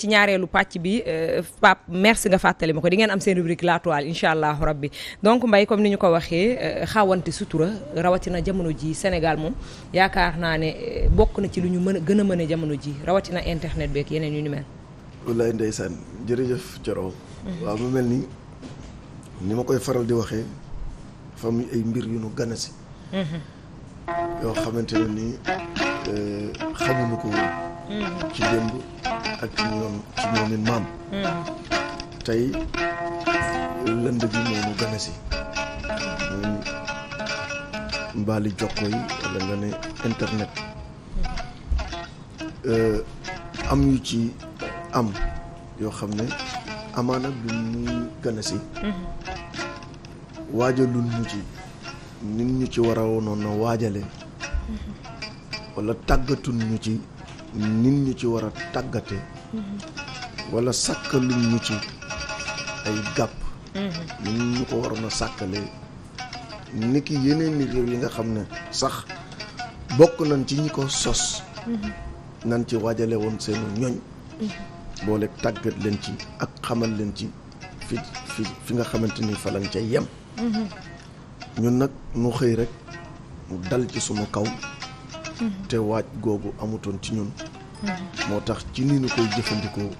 ci ñaareelu pàcc bi euh, Pape merci nga fàttali ma ko di ngeen am seen rubrique la toile incha allahu rabbi donc mbay comme ni ñu ko waxee euh, xawante sutura rawatina jamono ji Sénégal moom yaakaar naa ne euh, bokk na ci lu ñu mën a gën a mën jamono ji rawatina internet beeg yeneen yu ni mel. wallaay ndeysaan jërëjëf Coro. Mhm. waaw mu mel ni ni ma koy faral di waxee dafa am ay mbir yu nu gane si. Mhm. yoo xamante ne ni xamuñu ko Mm-hmm. ci démb ak ci ci ñoomi maam mm-hmm. tey lënd bi moo ñu gën si ñun mbaali jokko yi nga ne internet mm-hmm. euh, am yu ci am yoo xam ne amaana bi muy gën a si ñu ci nit ñu ci war a wonoon na waajale wala tàggatun ñu ci nit ñu ci war a tàggate wala sàkkaluñ ñu ci ay gàpp nit ñu ko waroon a sàkkale ni ki yeneen réew yi nga xam ne sax bokk nañ ci ñi ko sos nan ci waajale woon seenu ñoñ boole tàggat leen ci ak xamal leen ci fi fi fi nga xamante ni fa lañ ca yem ñun nag nu xëy rekk mu dal ci suma kaw te waaj googu amatoon ci ñun moo tax ci ni ñu koy jëfandikoo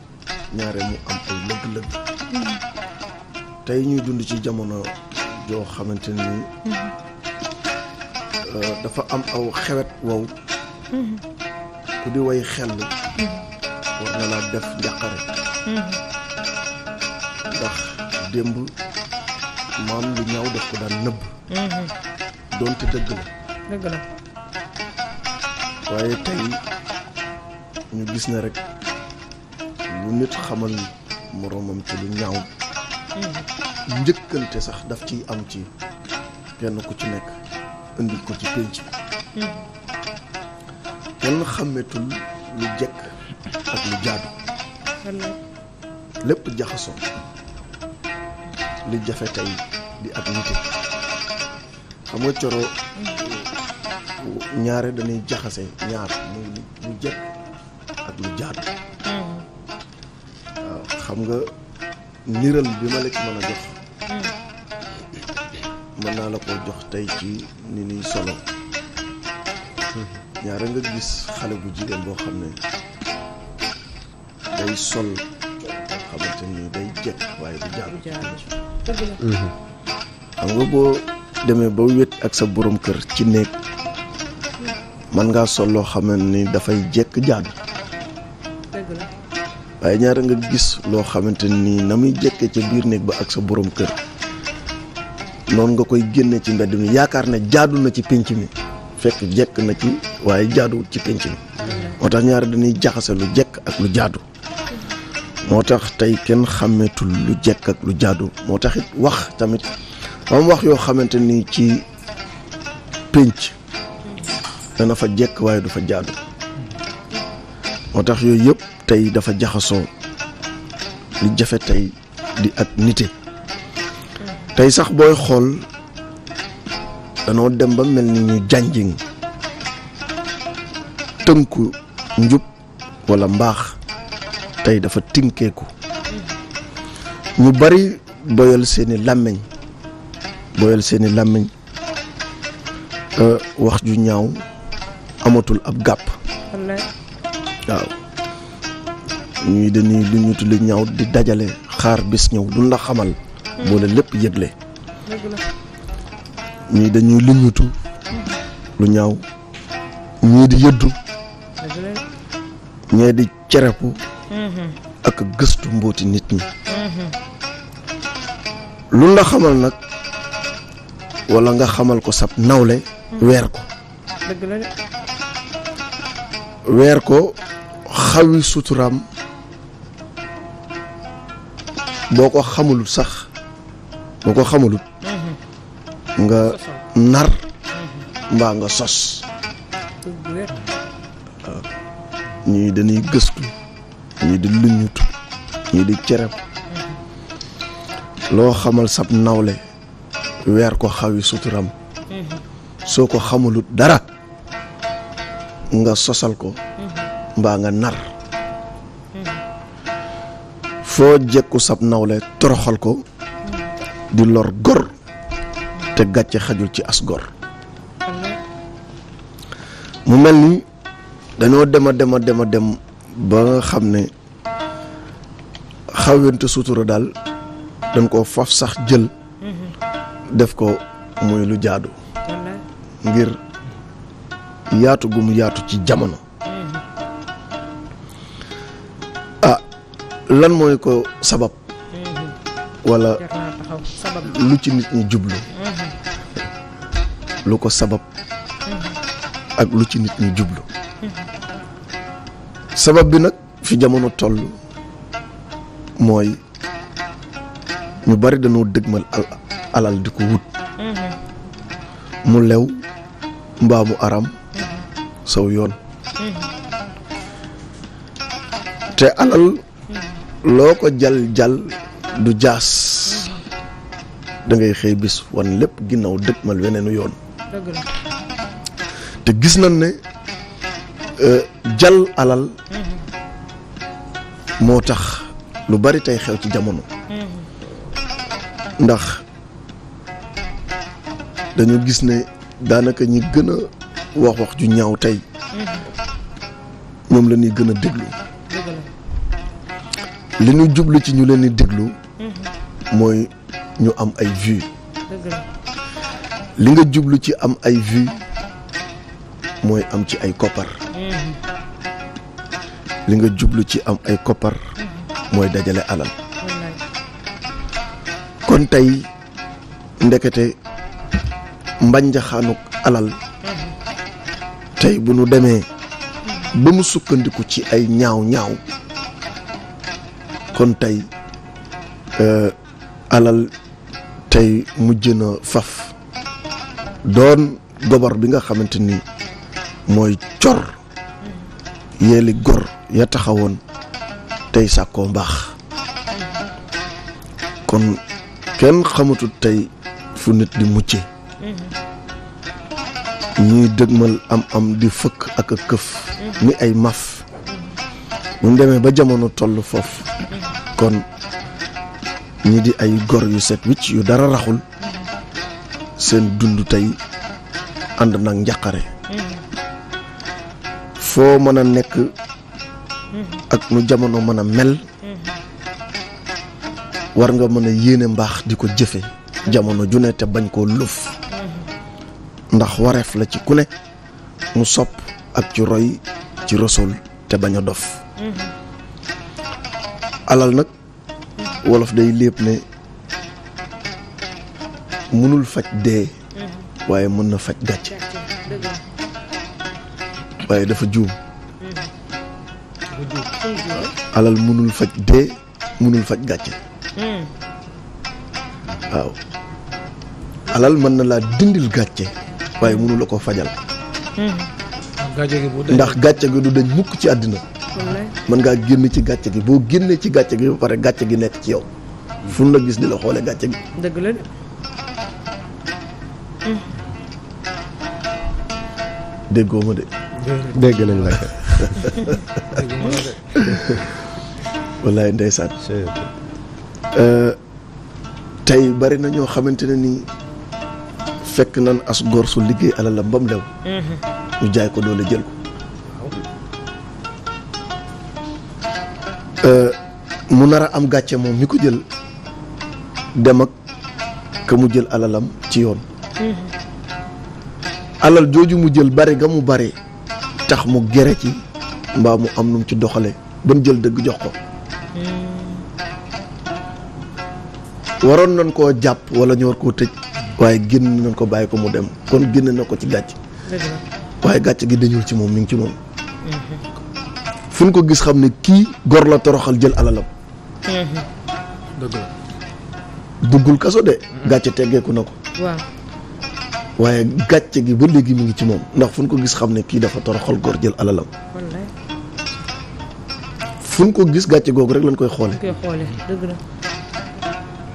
ñaare mu am ay lëgg-lëgg tey ñuy dund ci jamono joo xamante nii euh, dafa am aw xewet wow ku di woy xel war na laa def njàqare ndax démb maam lu ñaw def ko daan nëbb mm-hmm. doonte dëgg la waaye tey ñu gis ne rek lu nit xamal moroomam ci lu ñaaw njëkkante sax daf ciy am ci kenn ku ci nekk indi ko ci pénc bi kenn xàmmeetul lu jekk ak lu jaadu lépp jaxasoo li jafe tey di ak nite am nga coro ñaare dañuy jaxase ñaar muy lu jekk ak lu jaadu. waaw xam nga niral bi ma la ci mën a jox. mën naa la ko jox tey ci ni ñuy solo. ñaara nga gis xale bu jigéen boo xam ne day sol xamante ni day jekk waaye du jaadu. xam nga boo demee ba wét ak sa boroom kër ci néeg mën ngaa sol loo xam ne ni dafay jekk jaadu. waaye ñaata nga gis loo xamante ni na muy jekke ca biir néeg ba ak sa boroom kër noonu nga koy génne ci mbedd mi yaakaar ne jaadu na ci pénc mi fekk jekk na ci waaye jaaduwul ci pénc moo tax ñaari dañuy jaxase lu jekk ak lu jaadu moo tax tey kenn xàmmeetul lu jekk lu jaadu moo tax it wax tamit am wax yoo xamante nii ci pénc dana fa jekk waaye du fa jaadu moo tax yooyu yëpp tey dafa jaxasoo li jafe tey di ak nite tey sax booy xool danoo dem ba mel ni ñu jànjing tënku njub walla mbaax tey dafa tinkeeku ñu bari boyal seeni làmmiñ boyal seeni làmmiñ euh, wax ju ñaaw amatul ab gàpp ñuy dañuy lu ñu tudd di dajale xaar bis ñëw duñ la xamal. boo lépp yëgle. ñii dañuy luñutu lu ñaw ñii di yëddu ñee di cerepu ak gëstu mbooti nit ñi lu la xamal nag walla nga xamal ko sab nawle weer ko weer ko xawi suturaam boo ko xamulut sax boo ko xamulut nga nar mbaa nga sos waaw ñii dañuy gëstu ñii di luñut ñii di cereb loo xamal sab nawle weer ko xawi suturam soo ko xamulut dara nga sosal ko mbaa nga nar foo jekku sab nawle toroxal ko di lor gor te gàcce xajul ci as gor mu mel ni dañoo dem a dem a dem a dem ba nga xam ne xawente sutura daal dañ ko faf sax jël def ko muy lu jaadu ngir yaatu gu mu yaatu ci jamono lan mooy ko sabab mm-hmm. wala lu ci nit ñi jublu mm-hmm. lu ko sabab mm-hmm. ak lu ci nit ñi jublu sabab bi nag fi jamono toll mooy ñu bari dañoo dëgmal alal di ko wut mu lew mbaa mu aram saw yoon te alal loo ko jal jal du jaas dangay ngay xëy bis wan lépp ginnaaw dëgmal weneenu yoon te gis na ne euh, jal alal mm-hmm. moo tax lu bari tey xew ci jamono mm-hmm. ndax dañu gis ne daanaka ñi gën a wax wax ju ñaaw tey mm-hmm. ñoom la ñuy gën a déglu li ñu jublu ci ñu leen di déglu mhm. mooy ñu am ay vues li nga jublu ci am ay vues mooy am ci ay koppar mhm. li nga jublu ci am ay koppar mhm. mooy dajale alal kon tey ndekete mbanjaxaanuk alal tey bu nu demee ba mu sukkandiku ci ay ñaaw ñaaw kon tey euh, alal tey mujj na faf doon gobar bi nga xamante ni mooy cor yeeli gor ya taxawoon tey sàkkoo mbaax kon kenn xamatul tey fu nit di mucce ñuy dëgmal am am di fëkk ak a këf ni ay maf ñu demee ba jamono toll foofu kon ñi di ay gor yu set wicc yu dara raxul seen dund tey ànd nak njaqare foo mën a nekk ak nu jamono mën a mel war nga mën a yéene mbaax di ko jëfe jamono ju ne te bañ koo lëf ndax wareef la ci ku ne mu sopp ak ci roy ci rasul te bañ a dof alal nag wolof day lépp ne mënul faj dee mhm. waaye mën na faj gàcce waaye dafa juum mhm. alal mënul faj dee mënul faj gàcce hmm. waaw alal mën na laa dindil gàcce waaye mënula la ko fajal hmm. ndax gàcce gi du daj mukk ci àddina mën ngaa génn ci gàcce gi boo génnee ci gàcce gi ba pare gàcce gi nekk ci yow fu la gis di la xoolee gàcce gi. dëgg la de. déggoo ma de. dégg nañ la euh, tey bari na ñoo xamante ne ni fekk nan as gor su liggéey alalam ba mu lew. Mm-hmm. ñu jaay ko doole jël ko. mu nar a am gàcce moom mi ko jël dem ak ka mu jël alalam ci yoon mm-hmm. alal jooju mu jël bari ga mu bare tax mu gere ci mbaa mu am num ci doxale ba mu jël dëgg jox ko mm-hmm. waroon nañ koo jàpp wala ñu war koo tëj waaye génn na ko bàyyi ko mu dem kon génn na ko ci gàcc waaye gàcc gi dañul ci moom mi ngi ci moom mm-hmm. fu ñu ko gis xam ne kii gor la toroxal jël alalam dëgg la. duggul kaso de. gàcce teggeeku na ko. waaye gàcce gi ba léegi mu ngi ci moom ndax fu ñu ko gis xam ne kii dafa toroxal góor jël alalam. fu ñu ko gis gàcce googu rek lañ koy xoole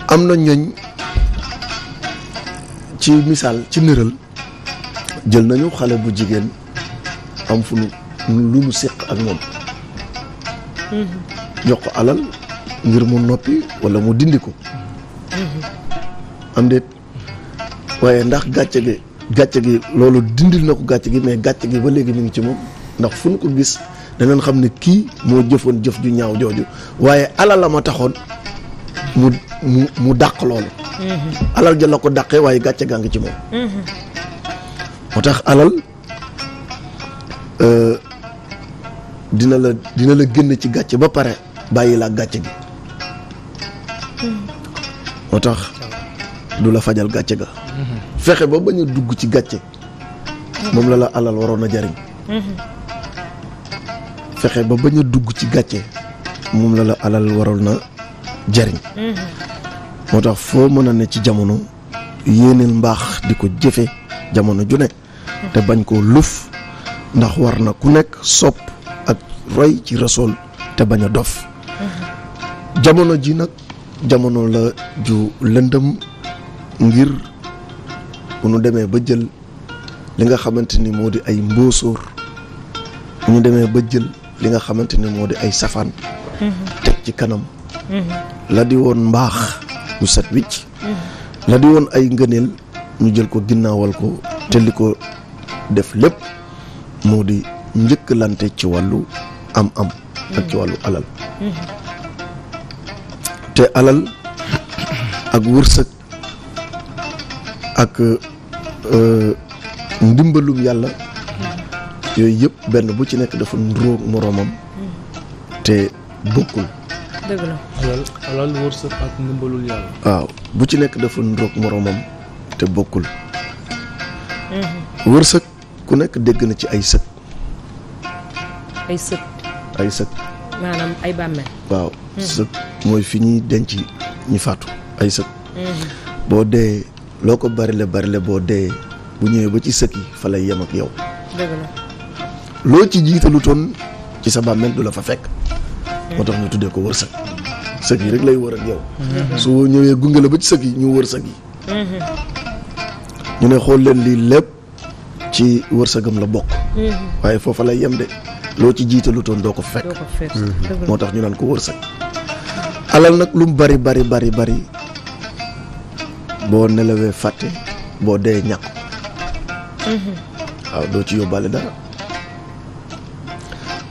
am na ñooñ ci misaal ci nëral jël nañu xale bu jigéen am fu nu lu mu séq ak moom. Mm-hmm. jox ko alal. ngir mu noppi wala mu dindi ko am déet waaye ndax gàcce gi gàcce gi loolu dindi na ko gàcce gi mais gàcce gi ba léegi mu ngi ci moom ndax fu ñu ko gis danañ xam ne kii moo jëfoon jëf ju ñaaw jooju waaye alal la ma taxoon mu mu mu dàq loolu alal ja la ko dàqee waaye gàcce gaa ngi ci moom moo tax alal euh, dina la dina la génn ci gàcce ba pare bàyyi laa gàcce gi moo tax du la fajal gàcce ga fexe ba bañ a dugg ci gàcce moom la la alal waroon a jariñ fexe ba bañ a dugg ci gàcce moom la la alal waroon na jariñ moo tax foo mën a ne ci jamono yéeneel mbaax di ko jëfe jamono ju ne te bañ koo luf ndax war na ku nekk sopp ak roy ci rasool te bañ a dof jamono ji nag jamono la ju lëndëm ngir bu ñu demee ba jël li nga xamante ni moo di ay mbóosóor bu ñu demee ba jël li nga xamante ni moo di ay safaan teg ci kanam la di woon mbaax ñu set wicc la di woon ay ngëneel ñu jël ko ginnaawal ko te li ko def lépp moo di njëkkalante ci wàllu am am ak ci wàllu alal te alal ak wërsëg ak euh, ndimbalum yàlla yooyu yëpp benn bu ci nekk dafa nduróog moroomam te bokkul. dëgg la alal wërsëg bu ci nekk dafa nduróog moroomam te bokkul. Mm-hmm. wërsëg ku nekk dégg na ci ay sët. ay sët ay bàmmeel. waaw hmm. sëg mooy fi ñuy denc ñi faatu ay sëg. Hmm. boo dee loo ko barile barile boo dee bu ñëwee ba ci sëg yi fa lay yem ak yow. dëgg la loo ci jiitalu toon ci sa bàmmeel du la fa fekk. Hmm. moo tax ñu tuddee ko wërsëg. sëg yi rek lay wër ak yow. su ñëwee gunge la ba ci sëg yi ñu wër sëg yi. ñu ne xool leen lii lépp ci wërsëgam la bokk. waaye foofa lay yem de. loo ci lu jiitalutoon doo ko fekk mm-hmm. moo tax ñu naan ko wërsëg alal nag lu bari bari bari bari boo nelawee fàtte boo dee ñàkk mm-hmm. waaw doo ci yóbbaale dara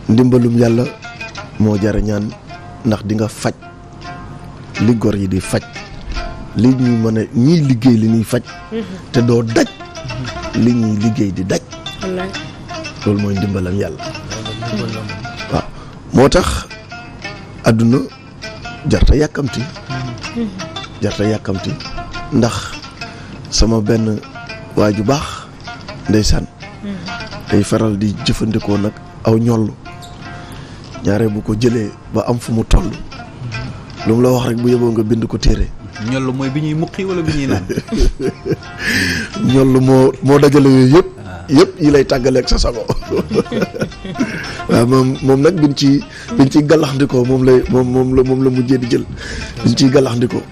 ndimbalum yàlla moo jara ñaan ndax dinga faj li gor yi di faj li ñuy mën a liggéey li ñuy faj mm-hmm. te doo daj li ñuy liggéey di daj loolu mooy ndimbalam yàlla moo tax àdduna jarta yàkkamti hmm. jarta yàkkamti ndax sama benn waa ju baax ndeysaan hmm. day faral di jëfandikoo nag aw ñoll ñaare bu ko jëlee ba am fu mu toll lu mu la wax rek bu yeboo nga bind ko téere ñoll mooy bi ñuy muqi wala bi ñuy naan moo moo dajale yooyu ah. yëpp yi lay tàggaleeg sa sago waaw euh, moom moom nag biñ ci biñ ciy gàllaxndikoo moom lay moom moom la moom la mujjee di jël biñ ciy gàllaxndikoo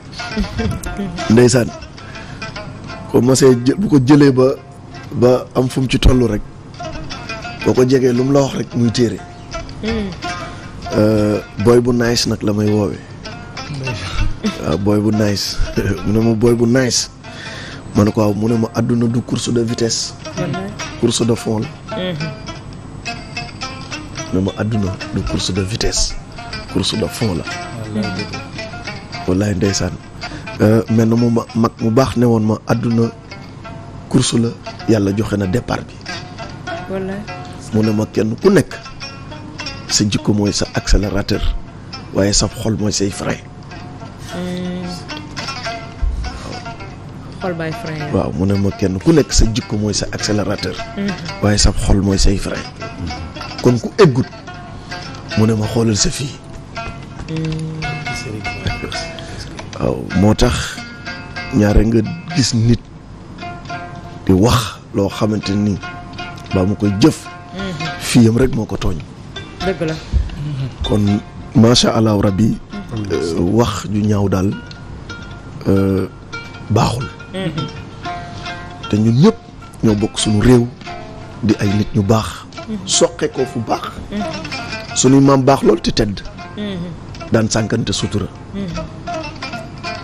ndeysaan ko mosee bu ko jëlee ba ba am fu mu ci toll rek boo ko jegee lu mu la wax rek muy téere hmm. euh, booy bu nice nag la may woowe waaw booy bu nice mu ne ma booy bu nice ma ne ko waaw mu ne ma àdduna du course de vitesse mm-hmm. course de fond ne àdduna du course de vitesse course de fond la wallaay euh, mel na mu mu baax ne woon ma àdduna course yàlla joxe na départ bi mu ne ma kenn ku nekk sa jikko mooy sa accélérateur waaye sa xol mooy say frein hmm. waaw mu ne ma kenn ku nekk sa jikko mooy sa accélérateur hmm. waaye sa xol mooy say frein kon ku eggut mu ne ma xoolal sa fii waaw moo tax ñaare nga gis nit di wax loo xamante ni baa mu koy jëf fii yam rek moo ko tooñ kon macha allah rabbi wax ju ñaaw daal euh, baaxul mm-hmm. te ñun ñëpp ñoo bokk suñu réew di ay nit ñu baax soqe ko fu baax suñuy maam baax lool te tedd daan sànkante sutura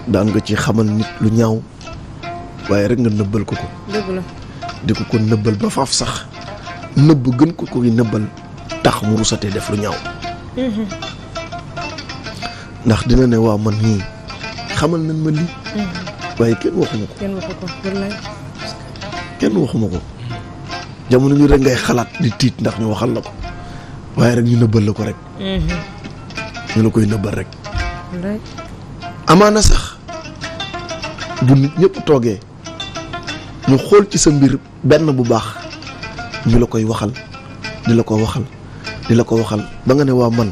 daan nga ci xamal nit lu ñaaw waaye rek nga nëbbal ko ko di ko ko nëbbal ba faaf sax nëbb gën ko koy nëbbal tax mu rusatee def lu ñaaw ndax dina ne waaw man nii xamal nañ ma lii mm-hmm. waaye kenn waxuma ko kenn waxuma ko jamono ñu rek ngay xalaat di tiit ndax ñu waxal la ko waaye rek ñu nëbbal la ko rek. Mm-hmm. ñu la koy nëbbal rek. amaana sax bu nit toogee ñu xool ci sa mbir benn bu baax ñu la koy waxal di la ko waxal di la ko waxal ba nga ne waa man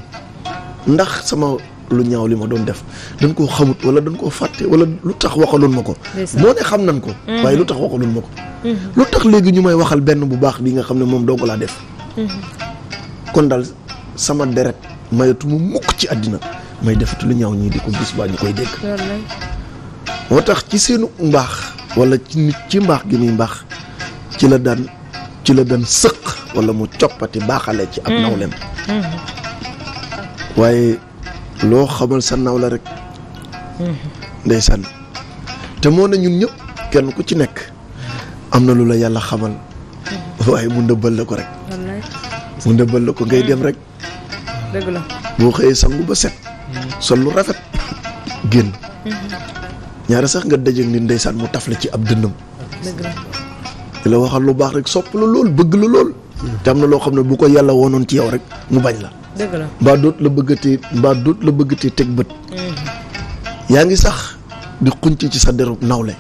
ndax sama lu ñaaw li ma doon def dañ koo xamut wala dañ koo fàtte wala lu tax waxaloon ma ko moo ne xam nañ ko mhm. waaye lu tax waxaloon ma ko mhm. lu tax léegi ñu may waxal benn bu baax li nga xam ne moom doo ko laa def mhm. kon daal sama deret mayatuma mukk ci àddina may defatu lu ñaw ñii di ko bis baa ñu koy dégg moo tax ci seenu mbaax walla ci nit ci mbaax gi muy mbaax ci la daan ci la daan sëq wala mu coppati baaxale ci ab nawleem waaye loo xamal sa nawla rek ndeysaan te moo ne ñun ñëpp kenn ku ci nekk am na lu la yàlla xamal waaye mu ndëbbal la ko rek mu ndëbbal la ko ngay dem rek dëgg la boo xëyee sangu ba set sol lu rafet génn ñaari sax nga dajeek ni ndeysaan mu taf la ci ab dënnam di la waxal lu baax rek sopp la lool bëgg la lool te am na loo xam ne bu ko yàlla wonoon ci yow rek mu bañ la mbaa doot la bëggatee mbaa doot la bëggatee teg bët yaa ngi sax di xunc ci sa deru nawle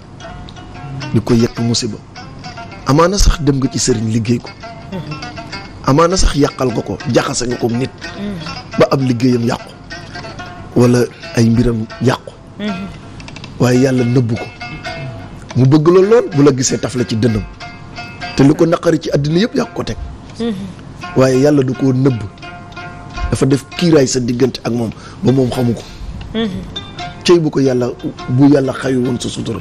di ko yëkk musiba amaana sax dem nga ci sëriñ liggéey ko amaana sax yàqal nga ko jaxase nga ko nit ba ab liggéeyam yàqu walla ay mbiram yàqu waaye yàlla nëbb ko mu bëgg la lool bu la gisee taf ci dënnam te lu ko naqari ci àddina yëpp yàqu ko teg waaye yàlla du ko nëbb dafa def kiiraay sa diggante ak moom ba moom xamu ko cëy bu ko yàlla bu yàlla xayu woon sa sutura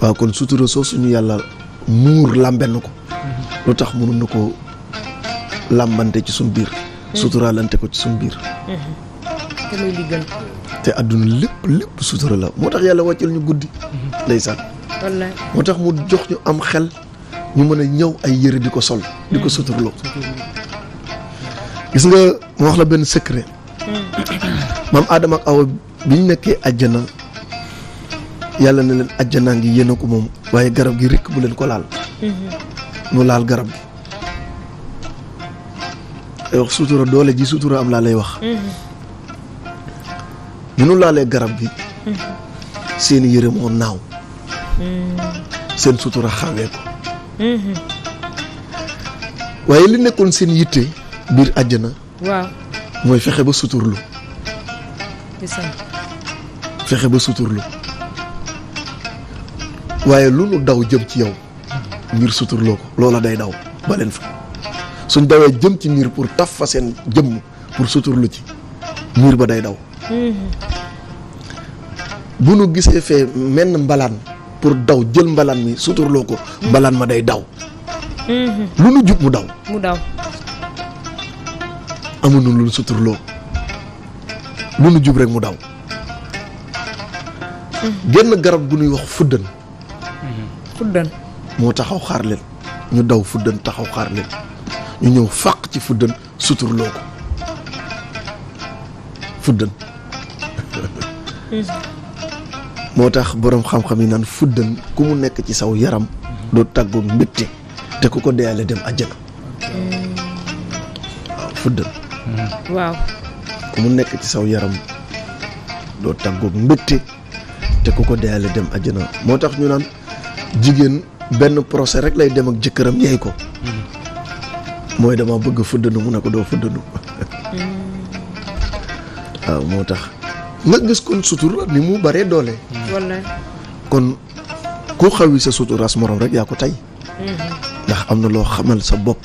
waaw kon sutura soo suñu yàlla muur làmben ko lu tax mënun na ko làmbante ci suñ biir suturaalante ko ci suñ biir te muy li gën lépp lépp sutura la moo tax yàlla wàcceel ñu guddi ndeysaan wallaay moo tax mu jox ñu am xel ñu mën a ñëw ay yëre di ko sol di ko mm. suturloo gis nga ma wax la benn secret mm. maam Adama ak Awa bi ñu nekkee àjjana yàlla na leen àjjanaa ngi yéen ko moom waaye garab gi rekk bu leen ko laal mhm. mu laal garab gi ay wax sutura doole ji sutura am laa lay wax bi mhm. nu laalee garab gi mhm. seen yére moo naaw seen sutura xawee ko waaye li nekkoon seen yitte biir àjjana waaw mooy fexe ba suturlu fexe ba suturlu waaye lu nu daw jëm ci yow ngir suturloo ko loola day daw ba leen fa suñ dawee jëm ci miir pour taf fa seen jëmm pour suturlu ci miir ba day daw mm-hmm. bu nu gisee fee menn mbalaan pour daw jël mbalaan mi suturloo ko mbalaan ma day daw mm-hmm. lu nu jub mu daw mu daw lu nu suturloo lu nu jub rek mu daw genn garab gu ñuy wax fuddën fuddan moo taxaw xaar leen ñu daw fuddën taxaw xaar leen ñu ñëw fàq ci fuddën suturloo ko fuddan moo tax boroom xam-xam yi naan fuddën ku mu nekk ci saw yaram du tàggu mbitti te ku ko deyalee dem àjjana waaw ku mu nekk ci saw yaram doo tàggoog mbëtte te ku ko deyalee dem àjjana moo tax ñu naan jigéen benn procès rek lay dem ak jëkkëram yeey ko mooy dama bëgg fuddanu mu ne ko doo fuddanu waaw moo tax nga gis kon sutura mu baree doole kon ku xawi sa suturaas morom rek yaa ko tey mm-hmm. ndax am na loo xamal sa bopp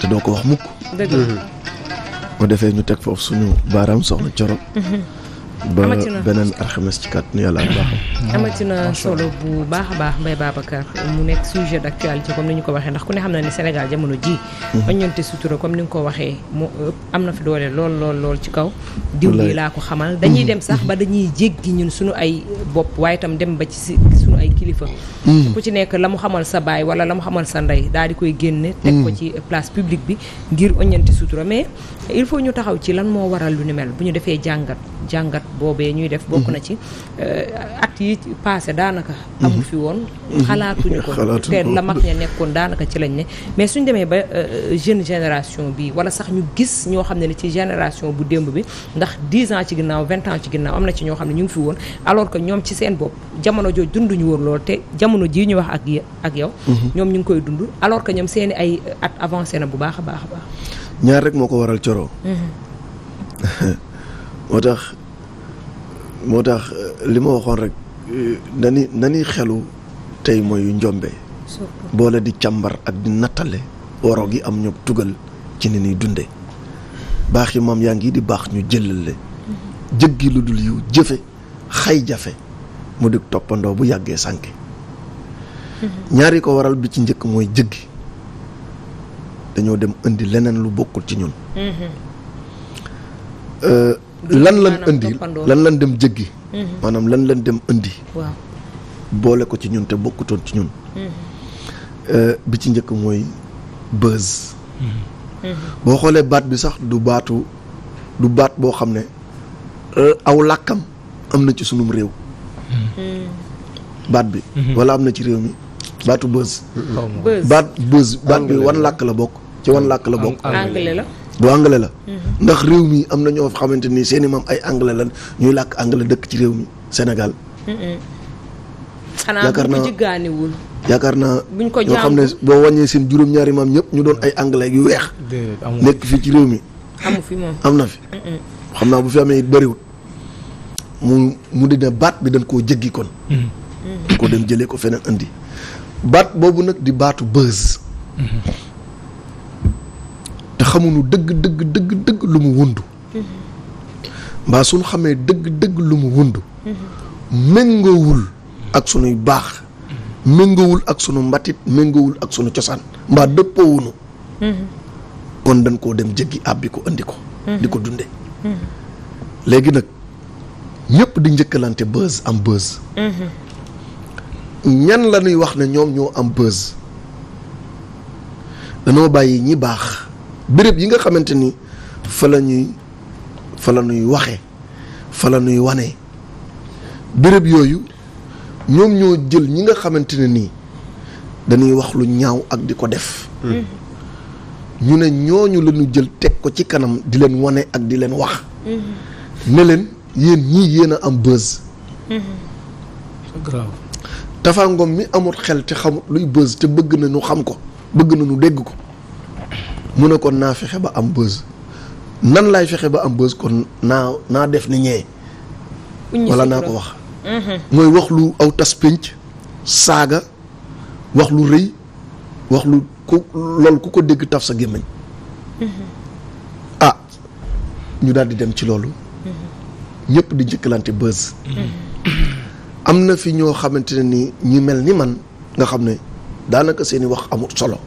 te doo ko wax mukk dëgg defee ñu teg foofu suñu baaraam soxna Coro mm-hmm. ba beneen alxames ci kàttanu yàlla ak amati na solo bu baax a baax mbay Babacar mu nekk sujet d' actualité comme ni ñu ko waxee ndax ku ne xam na ne Sénégal jamono ji bañante mhm. sutura comme ni nga ko waxee mu am na fi doole lool lool lool ci kaw. diw lii laa ko xamal. dañuy mhm. dem sax ba dañuy jéggi ñun suñu ay bopp waaye itam dem ba ci suñu ay kilifa. Mhm. ku ci nekk la mu xamal sa baay wala la mu xamal sa ndey daal di koy génne. teg ko ci place publique bi ngir oññante sutura mais il faut ñu taxaw ci lan moo waral lu ni mel bu ñu defee jàngat jàngat. boobee ñuy def bokk na mhm. ci euh, at yi passé daanaka amu mhm. fi woon mhm. xalaatuñu ko te la mag ña nekkoon daanaka ci lañ ne mais suñ demee ba euh, jeune génération bi wala sax ñu gis ñoo xam ne ne ci génération bu démb bi ndax 10 ans ci ginnaaw 20 ans ci ginnaaw am na ci ñoo xam ne ñu ngi fi woon alors que ñoom ci seen bopp jamono jooju dunduñu woon lool te jamono jii ñu wax ak ak yow ñoom ñu ngi koy dund alors que ñoom seeni ay euh, at avancé na bu baax a baax a baax ñaar rek moo ko waral coro moo tax euh, li ma waxoon rek euh, nani nani xelu tey mooy njombe boole di càmbar ak di nattale waro gi am ñoog tugal ci ni ñuy dunde baax yi maam yaa ngi di baax ñu jëlale mm-hmm. jëggi lu dul yiw jëfe xay jafe mu di toppandoo bu yàggee sànke mm-hmm. ñaari ko waral bi ci njëkk mooy jëggi dañoo dem indi leneen lu bokkul ci ñun mm-hmm. euh, lan lan indi lan lan dem jëggi mhm. maanaam lan lan dem indi boole ko ci ñun te bokkutoon ci ñun mhm. euh, bi ci njëkk mooy buzz mhm. boo xoolee baat bi sax du baatu du baat boo xam ne euh, aw làkkam am na ci sunum réew baat bi wala am na ci réew mi baatu buzz baat buzz baat bi wan làkk la bokk ci wan làkk la bokk la du anglais la. Mhm. ndax réew mi am na ñoo xamante ni seen i maam ay anglais lan ñuy làkk anglais dëkk ci réew mi Sénégal. Mhm. xanaa bu jiggaaniwul yaakaar naa ko ñoo xam ne boo wàññee seen juróom-ñaari maam ñëpp ñu doon ay anglais yu weex. nekk fii ci réew mi. amu am na fi. Mhm. xam naa bu fi amee it mu mu dina baat bi dañ koo jéggi kon. ko dem jëlee ko feneen andi. baat boobu nag di baatu buzz. te xamuñu dëgg dëgg dëgg dëgg lu mu wundu mm-hmm. mbaa suñu xamee dëgg dëgg lu mu wundu mm-hmm. méngoowul ak sunuy baax mm-hmm. méngoowul ak sunu mbatit méngoowul ak sunu cosaan mbaa dëppoowunu kon dañ koo dem jéggi àbbi ko andi ko di ko dunde léegi nag ñépp di njëkkalante buzz am buzz ñan la wax ne ñoom ñoo am buzz danoo bàyyi ñi baax bërëb yi nga xamante ni fa la ñuy fa la ñuy waxe fa la ñuy wane béréb yooyu ñoom ñoo jël ñi nga xamante ne nii dañuy wax lu ñaaw ak di ko def. Mm-hmm. ñu ne ñooñu la ñu jël teg ko ci kanam di leen wane ak di leen wax. Mm-hmm. ne leen yéen ñii yéen a am buzz. Mm-hmm. grave. ngoom mi amul xel te xamul luy buzz te bëgg na ñu xam ko bëgg na ñu dégg ko. mu ne kon naa fexe ba am buzz nan laay fexe ba am buzz kon naa naa def ni ñee wala naa ko wax mhm. mooy wax lu aw tas pénc saaga wax lu rëy wax lu ku loolu ku ko dégg taf sa gémmañ mhm. ah ñu daal di dem ci loolu mhm. ñépp di njëkkalante buzz am na fi ñoo xamante ne ni ñu mel ni man nga xam ne daanaka seeni wax amul solo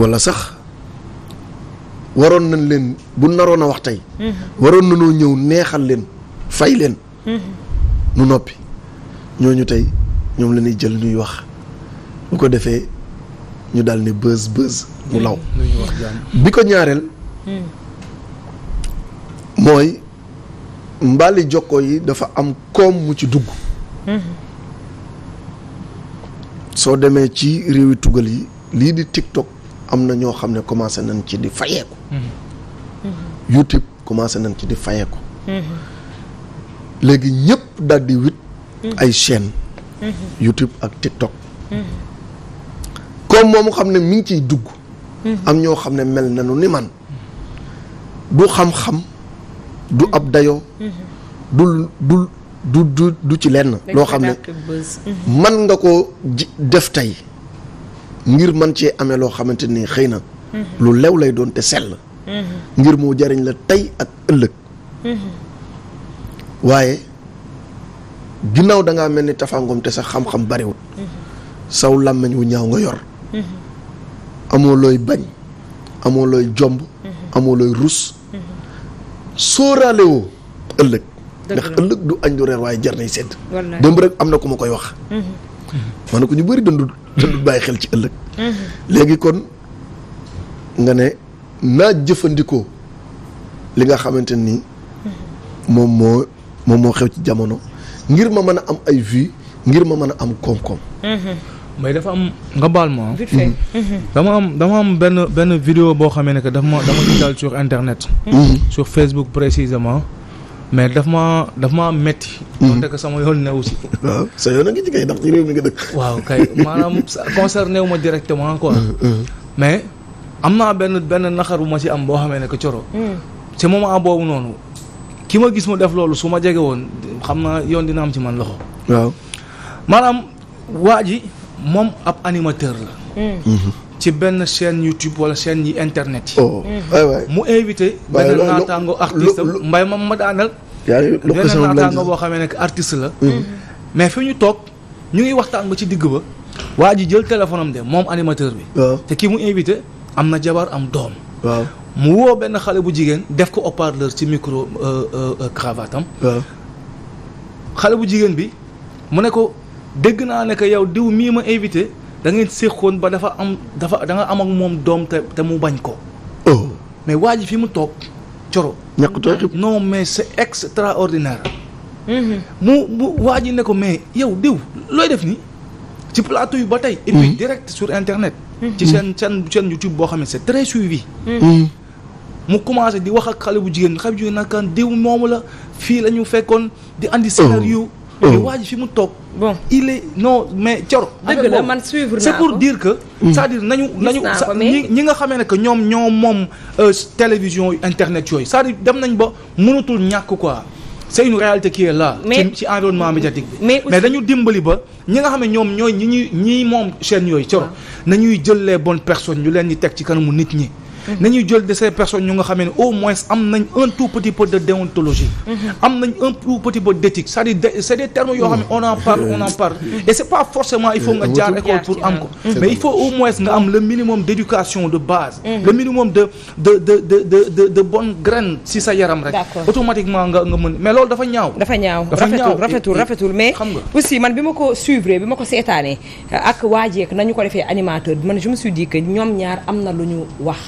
wala sax waroon nañ leen bu naroon a wax tey. Mm-hmm. waroon nañoo ñëw neexal leen fay leen. Mm-hmm. nu noppi ñooñu tey ñoom la ñuy jël ñuy wax bu ko defee ñu daal ne bës bës mu law. Mm-hmm. bi ko ñaareel. mooy mbaali jokko yi dafa am koom mu ci dugg. soo demee ci réewi tugal yi lii di TikTok. am na ñoo xam ne commencé nañ ci di fayeeku mm-hmm. YouTube commencé nañ ci di fayeeku mm-hmm. léegi ñëpp daal di wit mm-hmm. ay chaîne YouTube ak TikTok comme moom xam ne mi ngi ciy dugg am ñoo xam ne mel nañu ni man du xam-xam du ab dayoo du du du du du ci lenn loo xam ne man nga ko def tey ngir man cee amee loo xamante ni xëy na. Mhm. lu lew lay doon te sell. Mhm. ngir mu jariñ la tey ak ëllëg. Mhm. waaye ginnaaw da mel ni tafaangoom te sax xam-xam bariwul. saw làmmiñ wu ñaaw nga yor. amoo looy bañ. amoo looy jomb. amoo looy rus. sóoraale woo ëllëg. ndax ëllëg du añ du reer waaye jar nay sedd. démb rek am na ku ma koy wax. ma ne ko ñu bari dandu dandu bàyyi xel ci ëllëg léegi kon nga ne naa jëfandikoo li nga xamante nii moom moo moom moo xew ci jamono ngir ma mën a am ay vie ngir ma mën a am koom-koom mais dafa am nga baal ma ah. mhm. dama am dama am benn benn vidéo boo xamee ne que daf ma dama ci dal sur internet mhm. sur Facebook précisément mais daf ma daf ma metti donte hmm. que sama yoon newu si waaw ah, sa yoon a ngi ci kay ndax ci réew mi nga dëkk waaw kay maanaam concerné wu ma directement quoi hmm, hmm. mais am naa benn benn naxaru ma si am boo xamee ne que coro ci moment boobu noonu ki ma gis mu def loolu su ma jege woon xam naa yoon dina am ci man loxo waaw maanaam waa ji moom ab animateur la ci benn chaîne YouTube wala chaîne yi internet yi. Oh. Mhm. mu invité. benn naataango artiste mbay moom ma daanal. benn naataango boo xamee nekk artiste la. Mhm. Mhm. mais fi ñu toog ñu ngi waxtaan ba ci digg ba. waa ji jël téléphone de moom animateur bi. te kii mu invité am na jabar am doom. mu woo benn xale bu jigéen def ko haut ci micro euh, euh, euh, cravate am. xale bu jigéen bi mu ne ko dégg naa ne que yow diw mii ma invité. da ngeen séqoon ba dafa am dafa da nga am ak moom doom te mu bañ ko. Oh. mais waa ji fi mu toog coro. ñàkk non mais c'est extraordinaire. Mm-hmm. mu mu waa ji ne ko mais yow diw looy def nii. ci plateau yu ba tey. et puis mm-hmm. direct sur internet. Mm-hmm. ci seen seen seen YouTube boo xam ne c'est très suivi. mu commencé di wax ak xale bu jigéen xale bu jigéen nag kan diw moomu la fii la ñu fekkoon di andi scénario. Oh. mais mm. waa ji mu toog. bon il est mais Thioro. dëgg la man suivre naa ko c'est pour dire que. Mm. c'est-à-dire nañu nañu ñi ñi nga xamee ne que ñoom ñoo moom euh, télévision internet yooyu c'est-à-dire dem nañ ba mënatul ñàkk quoi. c'est une réalité qui est là. ci ci environnement médiatique bi. mais dañu dimbali ba ñi nga xam ne ñoom ñooy ñi ñuy ñi moom chaîne yooyu Thioro ah. nañuy jël les bonnes personnes ñu leen ñi teg ci kanamu nit ñi. nañuy jël de ces personnes ñu nga xamee ne au moins am nañ un tout petit peu de déontologie. Mhm. am nañ un tout petit peu d'éthique c'est-à-dire c'est des termes yoo xam ne on en parle on en parle mhm. et c'est pas forcément il nga jaar école pour am ko mais il faut au moins nga am le minimum d'éducation de base mhm. le minimum de de de de de de bonne si sa yaram rek automatiquement nga nga mën mais loolu dafa ñaaw dafa ñaaw rafetul rafetul rafetul mais aussi man bi ma ko suivre bi ma ko seetaanee ak waajeek nañu ko defee animateur bi man je me ñaar am na lu ñu wax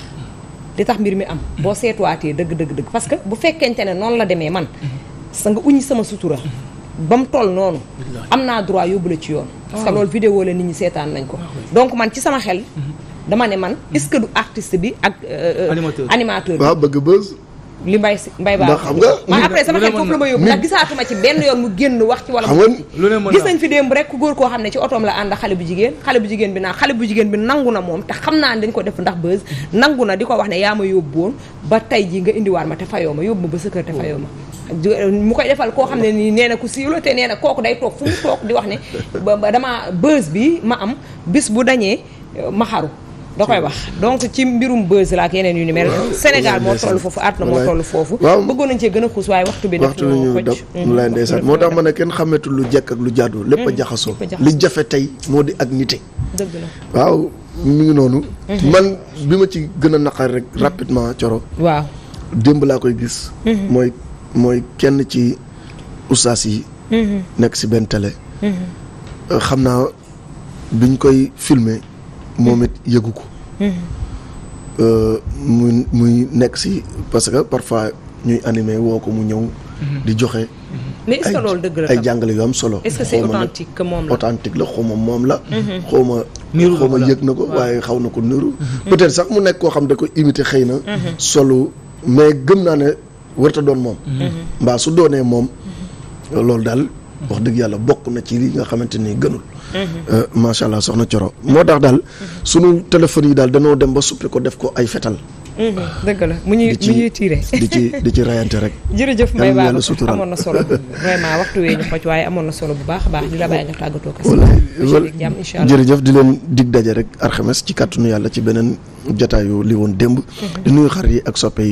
li tax mbir mi am boo seetuwaatee dëgg dëgg dëgg parce que bu fekkente ne noonu la demee man sa nga uñi sama sutura ba mu toll noonu am naa droit yóbbu la ci yoon parce que ah. loolu vidéo la nit ñi seetaan nañ ko ah, donc man ci sama xel dama ne man est du artiste bi ak euh, euh, animateur bi waaw bëgg buzz li mbay si mbay baax xam nga man après sama xel foofu la ma yóbbu ndax gisaatuma ci benn yoon mu génn wax ci wala gis nañ fi démb rek ku góor koo xam ne ci otoom la ànd xale bu jigéen xale bu jigéen bi naa xale bu jigéen bi nangu na moom te xam naa ne dañ ko def ndax bës nangu na di ko wax ne yaa ma yóbboon ba tey ji nga indiwaar ma te fayoo ma yóbbu ma ba sa kër te fayoo ma mu koy defal koo xam ne nii nee na ku siiw la te nee na kooku day toog fu mu toog di wax ne ba dama bës bi ma am bis bu dañee ma xaru da koy wax donc ci mbirum buzz la ak yeneen yu ni mel Sénégal moo toll foofu àdduna moo toll foofu bëggoon nañ cee gën a xuus waaye waxtu bi waxtu nañu dab mu lay ndeysaan moo tax ma ne kenn xametul lu mm-hmm. a jaxasoo li jafe ngi noonu mm-hmm. man bi ma ci gën a naqar rek mm-hmm. rapidement coro waaw démb laa koy ci ustaas yi nekk si benn télé xam naa biñ koy filmer moom it yëgu ko. Mm-hmm. Euh, muy muy nekk si parce que parfois ñuy animé woo ko mu ñëw. Mm-hmm. di joxe. Mm-hmm. mais est-ce que loolu dëgg la ay jàngale yu am solo. est moom la authentique la ma moom la. xaw yëg na ko waaye xaw na ko niru. peut sax mu nekk koo xam da ko imité xëy na. solo mais gëm naa ne warta doon moom. mbaa su doonee moom loolu daal. wax dëgg yàlla bokk na ci li nga xamante ni gënul. Mhm. Euh, macha allah soxna Coro moo tax daal. Mhm. sunu téléphone yi daal danoo dem ba suppi ko def ko ay fetal. Mhm. Ah. dëgg la mu ñuy di ci di ci rayante rek. jërëjëf may baax amoon na solo vraiment waxtu wee ñu xoj waaye amoon na solo a baax di la di leen dig daje rek alxames ci kàttanu yàlla ci beneen jataayu li woon démb. di nuyu xar yi ak soppe yi